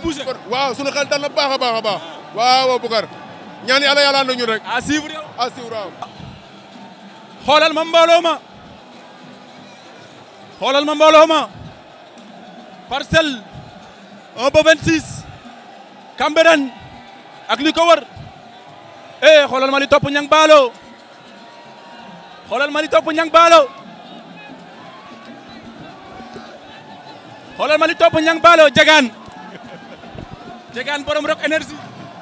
[SPEAKER 7] waaw suñu xel dal na baax a baax a baax. waaw Boucar ñaan yàlla yàlla ànd ak ñun rek. à suivre yow à suivre waaw. xoolal
[SPEAKER 2] xoolal ma mbooloo ma parcel 1 ba 26 ak li ko wër eh, xoolal ma li topp ñang baalo xoolal ma li topp ñang baalo xoolal ma li topp ñang baalo jagaan jagaan borom rok énergie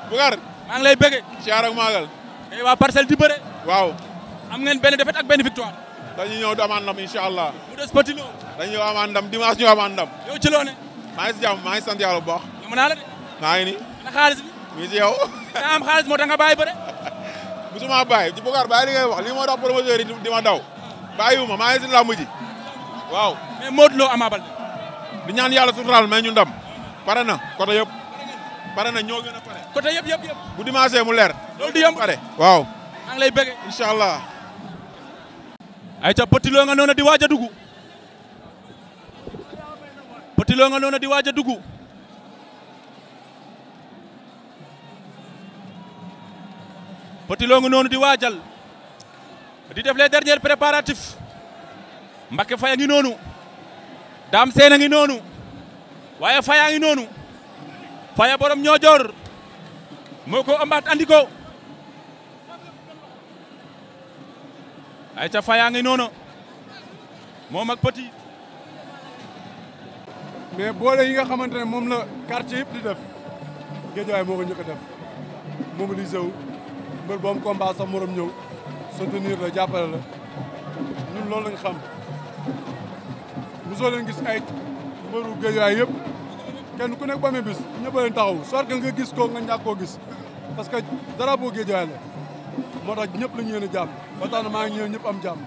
[SPEAKER 2] Bougar maa ngi lay bëgge ci aar maagal tey eh, waa parcelle di
[SPEAKER 7] bëre waaw am ngeen benn défaite ak benn victoire dañu ñëw di amaat ndam incha allah. mu des loo. dañu ñëw amaat ndam dimanche ñu amaat ndam. yow ci loo ne. maa ngi si jàmm maa ngi sant yàlla bu baax. ñoom naa la de. maa ngi nii. ana xaalis bi. mi ngi si yow. daa (laughs) am xaalis moo tax nga bàyyi bëre. (laughs) musuma bàyyi ci Boucar bàyyi li ngay wax lii moo tax promoteur yi ma maa ngi si làmb ji. waaw. mais Modou Lo Ama Baldé. di ñaan yàlla suturaal may ñu ndam. pare na côté yëpp. pare na ñoo gën a pare. côté yëpp yëpp yëpp. bu mu leer. loolu di yomb pare waaw.
[SPEAKER 2] maa ngi allah. ay ca Petit Lo nga noona di waaj a dugg Petit Lo di waaj a dugg Petit Lo noonu di waajal di def les derniers préparatifs mbake Faye a ngi noonu Dame Sène a ngi noonu waaye faya a ngi noonu Faye borom ñoo joor moo ko ambaat andi ay ca fayaa ngi noonu moom ak petit.
[SPEAKER 6] mais boole yi nga xamante ne moom la quartier yëpp di def géejawaay ay ko njëkk a def mobilisé wu mbër boom combat sax morom ñëw soutenir la jàppale la ñun loolu lañ xam mosoo gis ay mbëru géejawaay yëpp kenn ku nekk ba bis ñëpp leen taxaw soit que nga gis ko nga ñàkk koo gis parce que dara boo géejawaay la moo tax ñëpp la ñu yéen a jàmm ba maa ngi ñëpp am jàmm.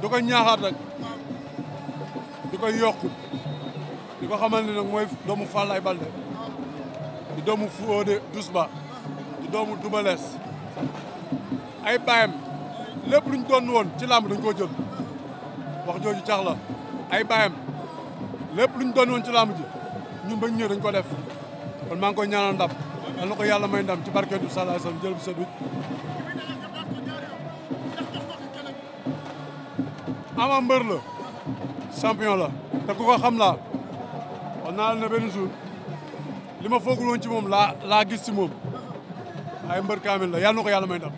[SPEAKER 6] du ko ñaaxaat rek di ko yokk di ko xamal ne nag mooy doomu Fallaye Balde di doomu Fodé Doussba di doomu Dubalees ay baayam lépp luñ doon woon ci làmb dañ koo jël wax jooju cax la ay baayam lépp luñ doon woon ci làmb ji ñun bañ ñëw dañ ko def kon maa ngi koy ñaanal yal na ko yàlla may ndam ci barke du sallallahu alayhi wasallam bu sa ama mbër la champion la te ko xam naa la ne benn jour li ma foogul woon ci moom la laa gis ci moom ay mbër kaamil la yàlla na ko yàlla may ndam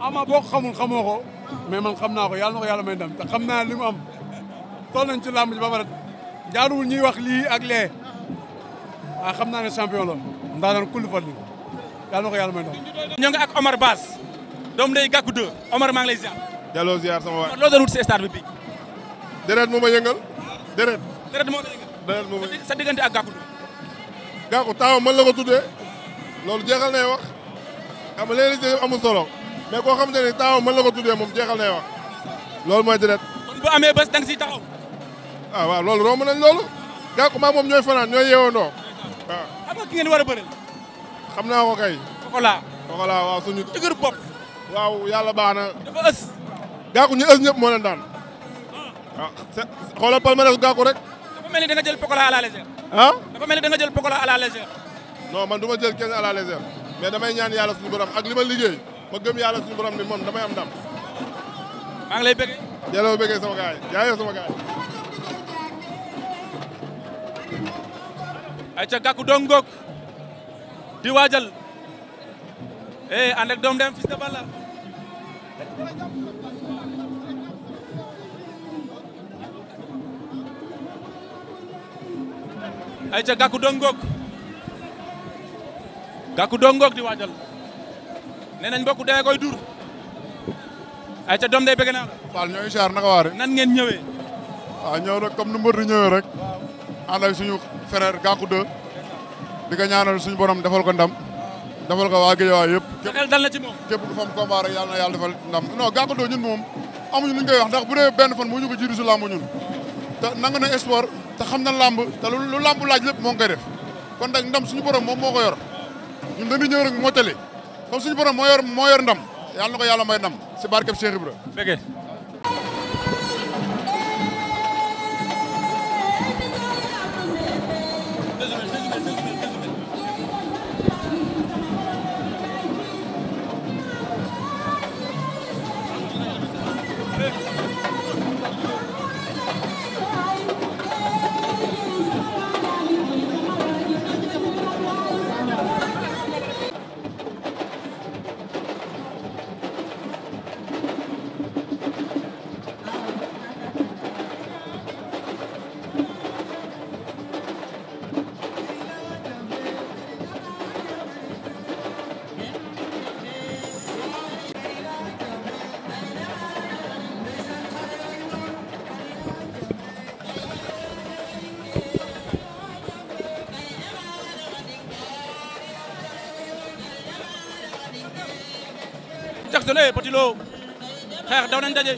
[SPEAKER 6] ama boo ko xamoo ko mais man xam naa ko yàlla na ko yàlla may ndam te xam naa li toll nañ ci làmb ji ba pare jaaduwul ñuy wax lii ak lee a ah, xam naa ne champion la ndaa naan kulli fal li yàlla na ko yàlla may ak Omar Bass doom day gàkku
[SPEAKER 2] deux Omar maa ngi lay ziar
[SPEAKER 7] delloo ziar sama waay
[SPEAKER 2] loo doon wut si stade bi bii déret moo ma yëngal déret déret moo la yëngal déret moo sa diggante ak gàkku deux
[SPEAKER 7] gàkku taaw man la ko tuddee loolu jeexal nay wax xam nga léegi li amul solo mais koo xamante ne taaw man la ko tuddee moom jeexal na wax loolu mooy déret kon bu amee bés da nga siy taxaw ah waaw loolu romb nañ loolu. gàkku maa moom ñooy fanaan ñooy yeewandoo waaw. xam nga ki ngeen war a bëri. ko kay. Pokola. Pokola waaw suñu. dëgër bopp. waaw yàlla baax na. dafa ës. gàkku ñu ës ñëpp moo leen daan. waaw ah, xoolal palmarès gàkku rek. dafa
[SPEAKER 2] mel ni da nga jël Pokola à la légère. ah. mel ni da jël Pokola à la légère.
[SPEAKER 7] non jël kenn à damay ñaan yàlla suñu borom ak li ma liggéey ma gëm yàlla suñu borom ni moom damay am ndam. maa ngi lay bëggee. yàlla ma bëggee sama gars yi
[SPEAKER 2] ayca gàkku dong ngoog di waajal eh ànd ak doom dem Fils de Balla ayca gàkku dong ngoog di waajal nee nañ mbokku dee koy dur
[SPEAKER 7] ayca doom day bëgg naa la. Fall ñooy char naka waare. nan ngeen ñëwee. waaw ñëw rek comme nu mbër rek. ànd ak suñu. frère Gackou 2 di ko ñaanal suñu borom defal ko ndam defal ko waa Guèye waa yëpp. xel dal na ci moom képp ku fa yàlla na yàlla defal ndam non Gackou 2 ñun moom amuñu lu ñu koy wax ndax bu dee benn fan moo ñu ko jiitu si làmb ñun. te nanga na sport te xam na làmb te lu làmb laaj lépp moo ngi koy def kon nag ndam suñu borom moom moo ko yor ñun dañuy ñëw rek mottali comme suñ borom moo yor ndam yal na ko yàlla may ndam si barkeb Cheikh Ibra
[SPEAKER 2] Jackson eh Petit Lo xeex daw nañ daje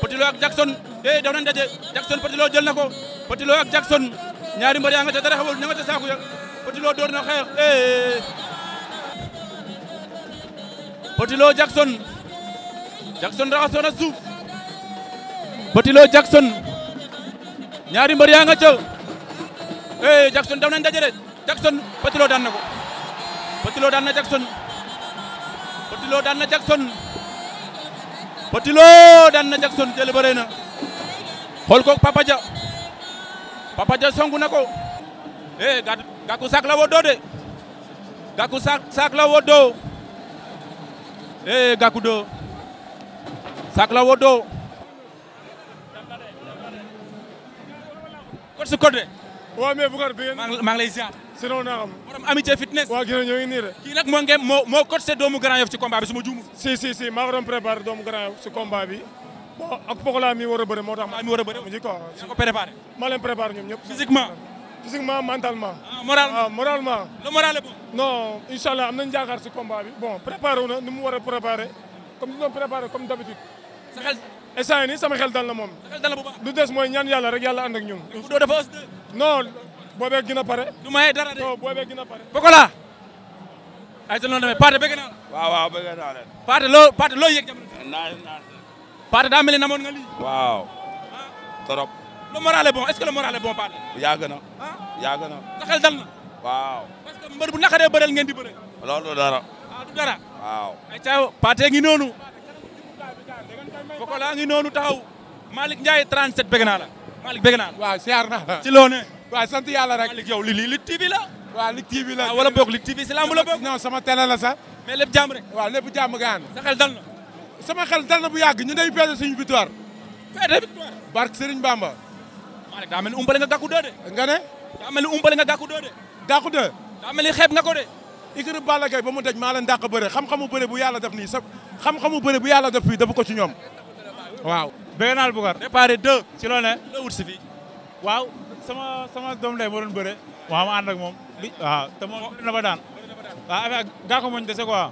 [SPEAKER 2] Petit Lo ak Jackson eh daw nañ daje Jackson Petit Lo jël na ko Petit Lo ak Jackson ñaari mbër yaa nga ca dara xewul ña nga ca saako ya Petit na xeex eh Petit Lo Jackson Jackson raxasoo suuf Petit Lo Jackson ñaari mbër yaa nga ca eh Jackson daw nañ daje de Jackson Petit Lo daan na ko Petit Lo Petit Lo daan na Jackson Petit Lo daan na Jackson jël ba rëy na xool ko Papa Dia Papa Dia songu na ko eh Gakou saak la woddoo de Gakou saak la woddoo eh Gakou do saak la woddoo kot su lay ziar sinon naa xam. borom amitié fitness. waaw gis ñoo ngi nii de. kii nag moo ngi moo moo coté doomu Grand Yoff ci combat bi su ma juumu. si si si maa ko doon doomu Grand Yoff si combat bi bon ak Pokola mi war a bëre moo tax. mi war a bëre mu ji quoi. yaa ko préparé.
[SPEAKER 5] maa leen préparé ñoom ñëpp. physiquement. physiquement mentalement. Ah, ah, moral est non incha am nañu jaakaar si combat bi bon préparé ni mu war a préparé comme ni mu doon sama xel dal na moom. sa des mooy ñaan
[SPEAKER 2] boo bee gën a pare. du maye dara de non boo bee gën pare. Pokola. ay te noonu demee waaw waaw bëgg naa leen. Pathé loo Pathé loo yëg jamono. naaj naaj. Pathé daa mel ah. yàgg na. Ah. na. sa dal na. waaw. bu naqaree bëreel ngeen di bëre. loolu dara. ah du noonu. Pokola ngi noonu taxaw. Malick Ndiaye 37 bëgg naa la. Malick naa la. waaw sant yàlla rek. waaw yow li lii la. waaw Lutte TV la ah, wala boog Lutte TV si lamb la boog. non sama télé la sax. mais lépp jàmm gaan. sa xel dal na. sama xel dal na bu yàgg ñu day feete suñu victoire. feete victoire. barke Serigne ni umbale nga gàkku doo de. nga ne. daa mel ni umbale nga gàkku doo de. gàkku de. daa mel ni xeeb nga Balla Gaye ba mu daj maa leen dàq bëre xam-xamu bëre bu yàlla def nii sa xam-xamu bëre bu yàlla def fii dafa ko ci ñoom waaw. bëgg naa la Boucar. préparé deux. ci loolu ne. la wut sama sama doom day moo doon bëre. waaw ma ànd moom. waaw te ko mooñ dese quoi.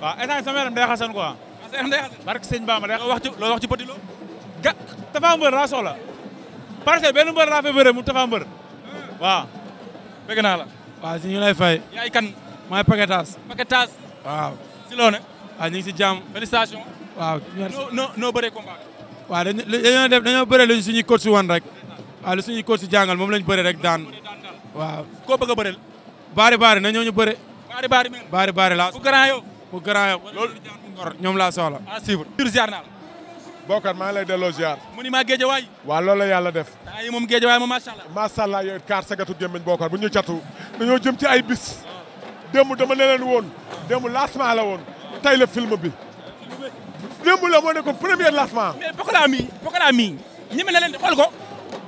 [SPEAKER 2] waaw état yaram day xasan quoi. barke sëñ Bamba day wax ci loo wax ci petit lo ga Tapha Mbeur laa soxla. parce que benn mbër laa bëre mu Tapha Mbeur. waaw. bëgg naa la. waaw si ñu lay fay. yaay kan. waaw. si loo ne. waaw ñu ngi si jàmm. félicitation. waaw merci. noo noo noo bëree combat. waaw dañoo wan rek. waaw li suñu coach si moom lañ bëre rek daan waaw. koo bëgg a bëreel. baari baari na ñoo ñu bëre. baari baari mel. baari baari laa. bu grand yow. yow ñoom laa soxla. à
[SPEAKER 7] suivre. ziar naa la. Bokar maa ngi lay delloo ziar. mu ni maa waa waaw la yàlla def. temps yii moom géejawaay moom macha allah. macha allah yow kaar sagatu gémmiñ Bokar bu ñu catu. dañoo jëm ay bis. démb dama ne leen woon. démb lancement la woon. tey la film bi. démb la moo ne ko premier lancement. mais Pokola ñeme na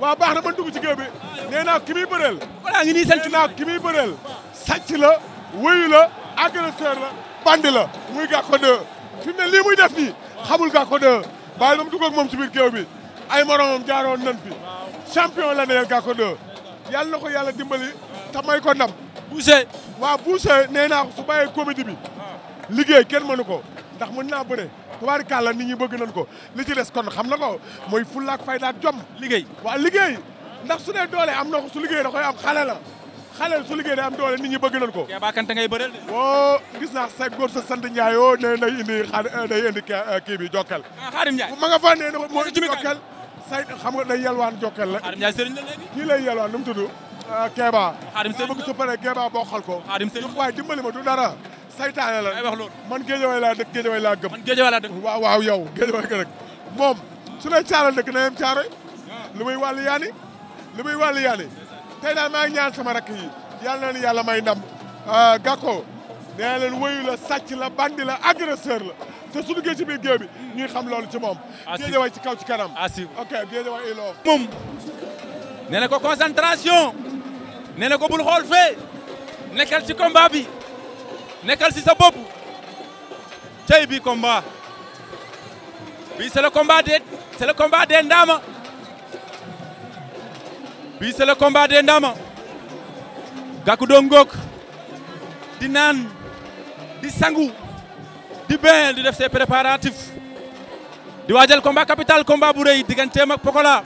[SPEAKER 7] waa baax na man dugg ci géew bi nee naa ki muy bëreel. voilà ngi nii sànq nee naa ki muy bëreel sàcc la wéyu la la bandi la muy Gackou 2 fi ne lii muy def nii xamul Gackou 2 bàyyi moom dugg ak moom ci biir géew bi ay moromam jaaroon nan fi champion la neel Gackou 2 yàlla na ko yàlla dimbali te may ko ndam. Boucher waaw Boucher nee naa ko su bàyyee ah. liggéey kenn mënu ko ndax mën naa bëre. tubaarikàlla nit ñi bëgg nañ ko li ci des kon xam na ko mooy fulla ak fayda ak jom liggéey waaw liggéey ndax su ne doole am na su liggéey da koy am xale la xale su liggéey day am doole nit ñi bëgg ko bakante ngay bëreel woo gis naa sa góor sa sant Ndiaye oo ne indi xaar eh, day indi eh, kii bi jokkal ah, Xaadim Ndiaye ma nga ne moo indi jokkal say xam nga day yelwaan jokkal la Xaadim Ndiaye sëriñ la léegi kii lay yelwaan nu mu tudd eh, Kéba Xaadim sëriñ boo xal ko waaye dimbali ma du dara saytaane la ay wax loolu man géejawaay laa dëkk géejawaay laa gëm. man waaw yaw yow géejawaay nga dëkk moom su ne caaro dëkk na yem caaro lu muy wàllu yaani lu muy wàllu yaani tey daal maa ngi ñaan sama yi yal na leen yàlla may ndam ah, gàkko nee leen wëyu la sàcc la bandi la agresseur la te su ci bii géew bi xam loolu ci moom géejawaay ci kaw ci kanam ok géejawaay i loo moom
[SPEAKER 2] nee na ko concentration nee na ko bul xool fee nekkal ci combat bi nekkal si sa bopp cey bi combat bi c'est le combat des c'est le ndaama bi c'est le combat ndaama Gakou doo ngoog di naan di sangu di bain di def ses préparatifs di waajal combat capital combat bu rëy digganteem ak Pokola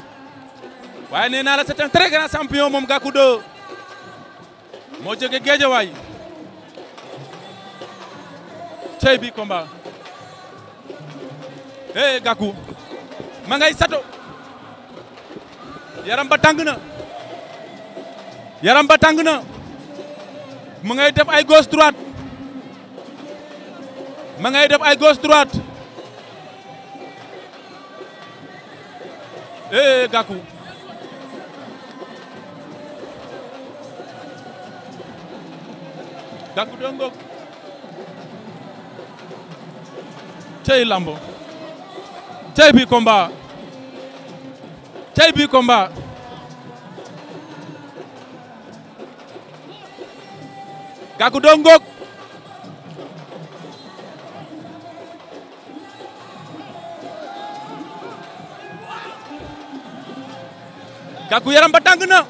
[SPEAKER 2] waaye nee naa la c'est un très moom Gakou doo moo jóge Guédiawaye tey bi combat eh Gakou ma ngay sato yaram ba tàng na yaram ba tàng na mu ngay def ay gauche droite ma ngay def ay gauche droite eh Gakou Gakou doo ngoog cey lamb cey bi combat cey bi combat Gackou doo ngoog Gackou yaram ba tàng na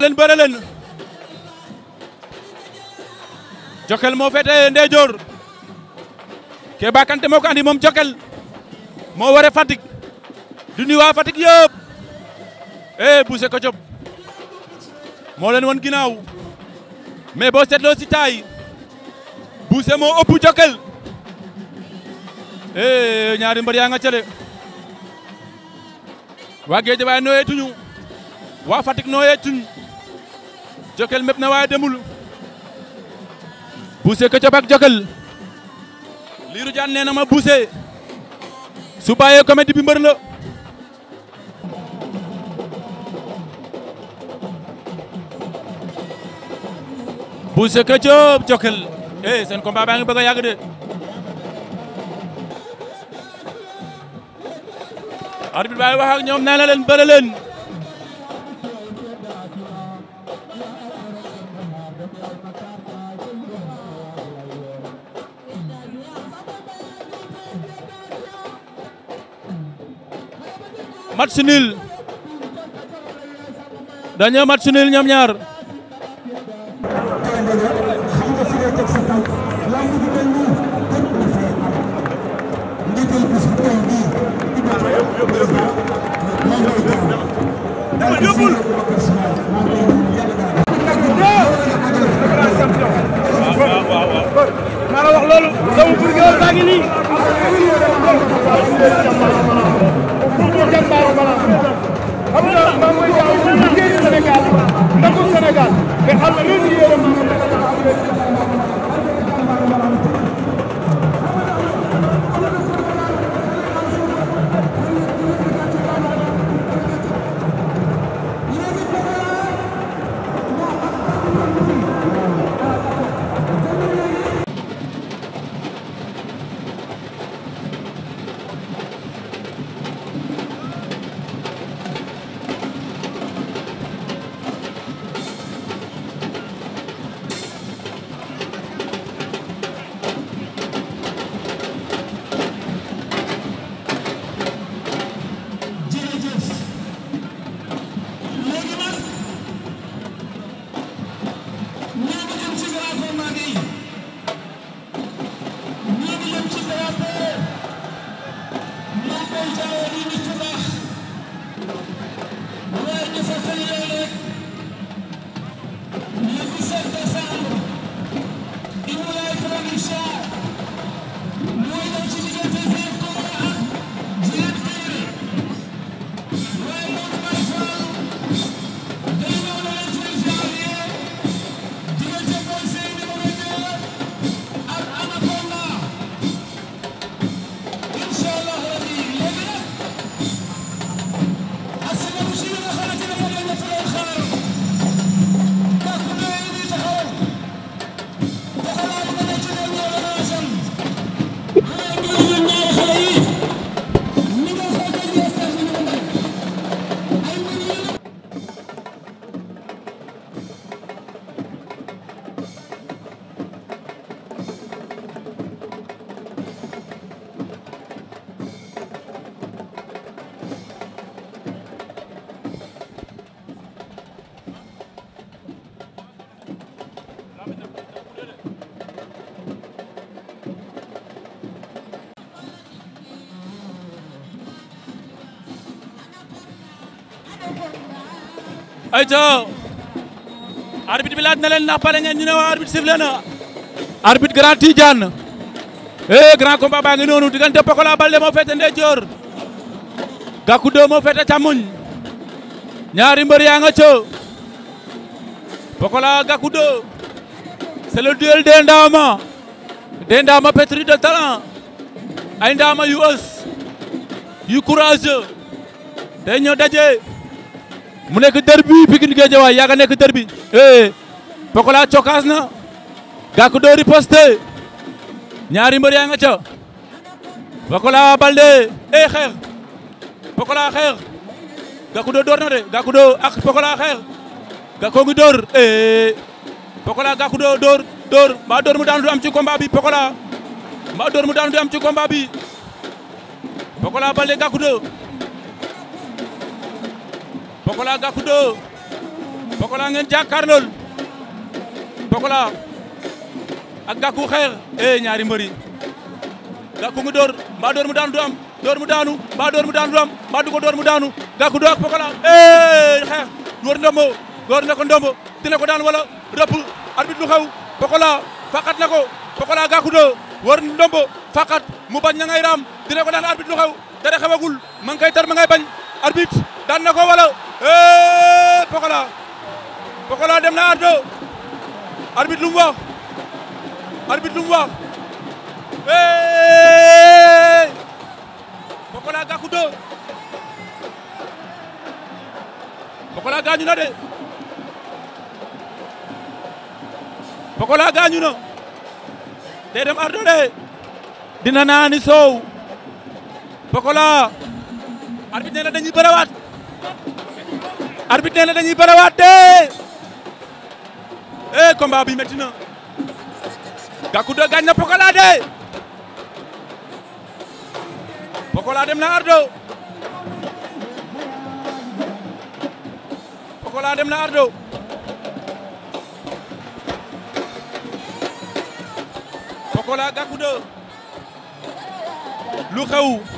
[SPEAKER 2] leen bëre leen Jokal moo féete ndeyjoor Keba Kanté moo ko moom Jokal moo waree Fatick du nuyu waa Fatick yëpp eh Boucher Ketchup moo leen won ginnaaw mais boo seetloo si taay Boucher moo ëpp Jokal eh ñaari mbër yaa nga cële waa Géej waaye nooyee tuñu waa Fatick nooyee tuñu Jokal mépp na waaye demul. Boucher Ketchup ak Jokal Lirou Diane nee na ma Boucher su bàyyee comédie bi mbër la Boucher Ketchup Jokal eh seen combat baa ngi bëgg a yàgg de arbitre baa ngi wax ñoom nee na leen match nul dañoo match nul ñoom ñaar waaw
[SPEAKER 4] la wax loolu doomu ngi nii
[SPEAKER 2] ayca arbitre bi laaj na leen ndax pare ñu ne waa arbitre sifflé na arbitre grand Tidiane eh grand combat baa ngi noonu diggante Pokola Balde moo féete ndeyjoor Gakou 2 moo féete càmmoñ ñaari mbër yaa nga ca Pokola Gakou 2 c'est le duel des ndaama des ndaama pétri de talent ay ndaama yu ës yu courageux day ñëw daje mu nekk derbi Pikine Guédiawaye yaaga nekk derbi eh Pokola cokaas na Gackou dóori posté ñaari mbër yaa nga ca Pokola Baldé eh xeex Pokola xeex Gackou doo door na de Gackou doo ak Pokola xeex Gackou eh. doo door door mbaa door mu daanu du am ci combat bi Pokola mbaa door mu daanu du am ci combat bi Pokola Baldé Gackou doo Pokola Gackou 2 Pokola ngeen jàkkaarlool Pokola ak Gackou xeex eh ñaari mbër yi Gackou ngi door mbaa door mu daanu du am door mu daanu mbaa door mu daanu du doo ak Pokola eh xeex door ndombo door na ko ndombo dina ko daan wala rëpp arbitre lu xew Pokola faqat na Pokola Gackou 2 war ndombo faqat mu bañ na ngay raam dina ko daan arbitre lu xew dara xewagul ma ngi koy tar ma ngay bañ arbitre daan na ko wala eh, Pokola Pokola dem na ardo arbitre lu mu wax arbitre eh! Pokola Gackou 2 Pokola gaañu na de Pokola gaañu na day dem ardo de dina naani soow Pokola arbitre nee na dañuy bërewaat arbitre nee na dañuy bërewaat de eh combat bi métti na Gackou de gaañ na Pokola de Pokola dem na Ardo Pokola dem na Ardo lu xew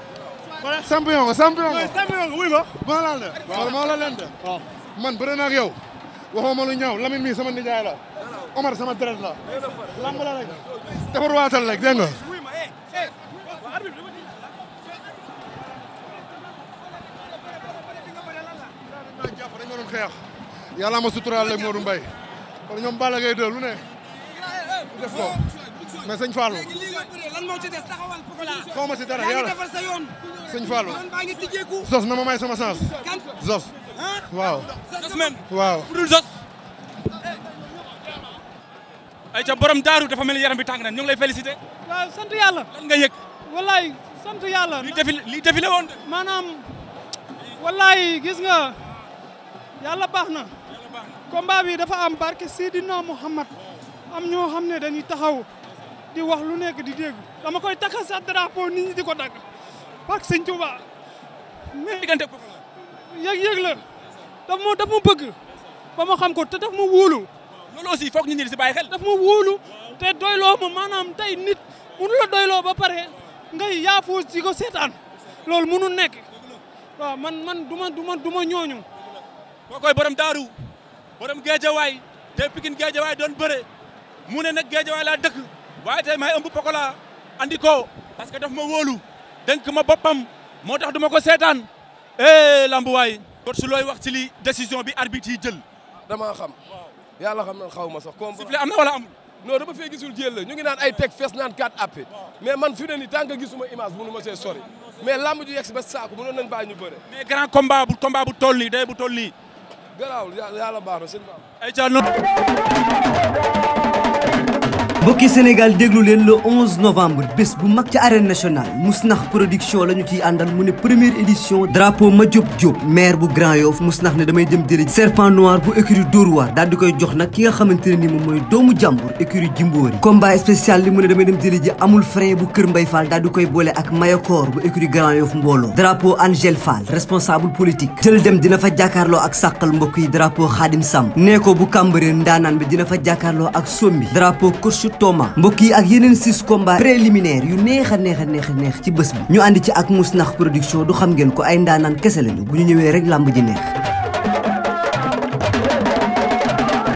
[SPEAKER 4] champion nga champion nga. champion nga wuy ma. maa laal de. la leen man bëre
[SPEAKER 7] ak yow. waxoo ma lu ñaaw sama nijaay la. Omar sama deret la.
[SPEAKER 5] lamb la rek.
[SPEAKER 6] defar waatal rek dégg nga.
[SPEAKER 7] xeex yàlla ma suturaal rek Modou Mbaye kon ñoom Balla Gaye 2 ne def ko mais sëñ Fallou.
[SPEAKER 5] lan moo ci des ma si dara yàlla defal sa yoon.
[SPEAKER 4] sëñ na ma may sama sens. Zos.
[SPEAKER 7] waaw. Zos
[SPEAKER 2] waaw. budul Zos. ay ca borom daaru dafa mel ni yaram bi tàng na ñu lay félicité.
[SPEAKER 5] waaw sant yàlla. lan nga yëg. wallaay sant woon. maanaam wallaay gis nga yàlla baax na. combat bi dafa am barke Seydina Muhammad am ñoo xam ne dañuy taxaw. di wax lu nekk di dégg dama koy takkal sa drapeau nit ñi di ko dagg parce que sëñ Touba. mais yëg-yëg la daf ma daf ma bëgg ba ma xam ko te daf ma wóolu. loolu aussi foog ñu ñi si bàyyi xel. daf ma wóolu te doyloo ma maanaam tey nit mënu la doyloo ba pare ngay yaafoo si ko seetaan
[SPEAKER 2] loolu mënu nekk waaw man man duma duma duma ñooñu. koo koy borom daaru waay géejawaay te Pikine géejawaay doon bëre mu ne nag géejawaay laa dëkk. waaye tey may ëmb Pokola andi ko parce que daf ma wóolu dénk ma boppam moo tax du ma ko seetaan eh lambuwaay. kon su looy wax ci li décision bi arbitre yi
[SPEAKER 4] jël. damaa xam yàlla xam na xaw sax. comme sifflet am na wala amul. non dama fee gisul jël la ñu ngi naan ay teg fees naan 4 appe mais man fi ne nii tant que gisuma image mënu ma see sori mais lamb ju yegg ba saako mënoon nañ bàyyi ñu bëre. mais grand bu tol bu toll nii day bu toll nii.
[SPEAKER 2] ay ca
[SPEAKER 1] mbokki Sénégal déglu leen le 11 novembre bés bu mag ci arène nationale Mousnakh production la ñu ciy àndal mu ne première édition drapeau Madiop Diop maire bu Grand Yoff Mousnakh ne damay dem jëli serpent noir bu écurie Dóor waar daal koy jox nag ki nga xamante ne ni moom mooy doomu jàmbur écurie Jimbori combat spécial li mu ne damay dem jëli ji amul frein bu Kër Mbay Fall daal koy boole ak Mayakor bu écurie Grand mbooloo drapeau Angèle Fall responsable politique jël dem dina fa jàkkaarloo ak sàqal mbokk yi drapeau Khadim Sam nee ko bu Cambérène ndaanaan bi dina fa jàkkaarloo ak sombi drapeau Thomas mbokk yi ak yeneen six combats préliminaires yu neex a neex a neex a neex ci bës bi ñu ànd ci ak Mousnakh production du xam ngeen ko ay ndaanaan kese lañu bu ñu ñëwee rek làmb ji neex